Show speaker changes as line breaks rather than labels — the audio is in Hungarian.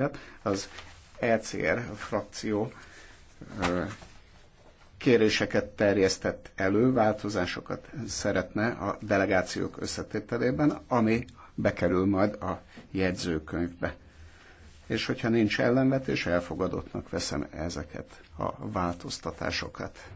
szerepét. Az ECR frakció kéréseket terjesztett elő, változásokat szeretne a delegációk összetételében, ami bekerül majd a jegyzőkönyvbe. És hogyha nincs ellenvetés, elfogadottnak veszem ezeket a változtatásokat.